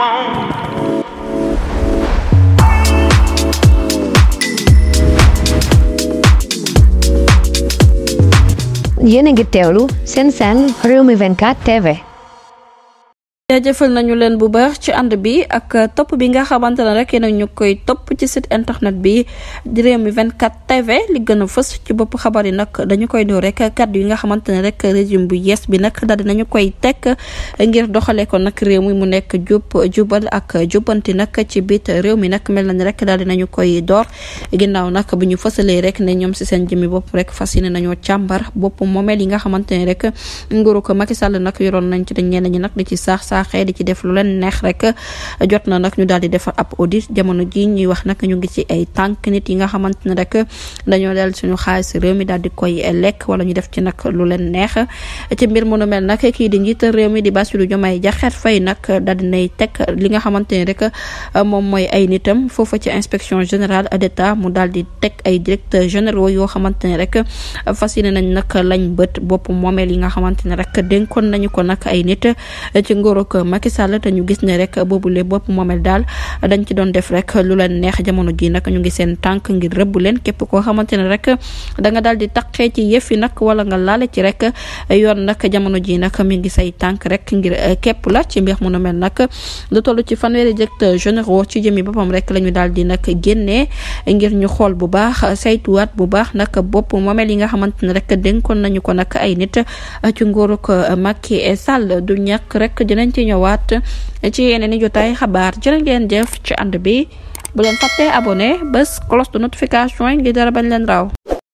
want. Yenegi Sen Sen, Rumi Venkat TV. jëfal nañu leen bu baax ci ànd bi ak topp bi nga xamante ne rek yéen ñu koy topp ci site internet bi di Rewmi 24 TV li gën a fës ci bopp xabar yi nag dañu koy doo rek kàddu yi nga xamante ne rek régime bu yees bi nag daal dinañu koy teg ngir doxalee ko nag réew mi mu nekk jub jubal ak jubanti nag ci biit réew mi nag mel na ni rek daal koy door ginnaaw nag bu ñu fësalee rek ne ñoom si seen jëmmi bopp rek fas yéene nañoo càmbar bopp moomeel yi nga xamante ne rek nguuru ko Macky Sall nag yoroon nañ ci dañ ñenn ñi nag di ci saax saax faaxee di ci def lu leen neex rek jot na nag ñu daal di defar ab audit jamono ji ñuy wax nag ñu ngi ci ay tànk nit yi nga xamante ne rek dañoo del suñu xaalis réew mi daal di koy lekk wala ñu def ci nag lu leen neex ci mbir mu nu mel nag kii di njiital réew mi di Bassirou Diomaye Diakhar Faye nag daal di nay teg li nga xamante ne rek moom mooy ay nitam foofa ci inspection générale d'État mu daal di teg ay directeurs généraux yoo xamante ne rek fas yéene nañ nag lañ bët bopp moomeel yi nga xamante rek dénkoon nañu ko nag ay nit ci ngoro nguurug euh, Macky Sall te ñu gis ne rek boobule bopp moomel daal dañ ci doon def rek lu leen neex jamono ji nag ñu ngi seen tànk ngir rëbb leen képp koo xamante ne rek da nga daal di taqee ci yëf yi nag wala nga laale ci rek yoon nag jamono ji nag mi ngi say tànk rek ngir euh, képp la ci mbir mu no mel nag lu toll ci fanweeri directeur généraux ci jëmi boppam rek la ñu daal di nag génnee ngir ñu xool bu baax saytuwaat bu baax nag bopp moomeel yi nga xamante ne rek dénkoon nañu ko nag ay nit dinañ ci ñëwaat ci yeneen i jotaay xabaar jërë ngeen jëf ci ànd bi bu leen fàttee abonné bés cloche de notification yi ngir dara bañ leen raw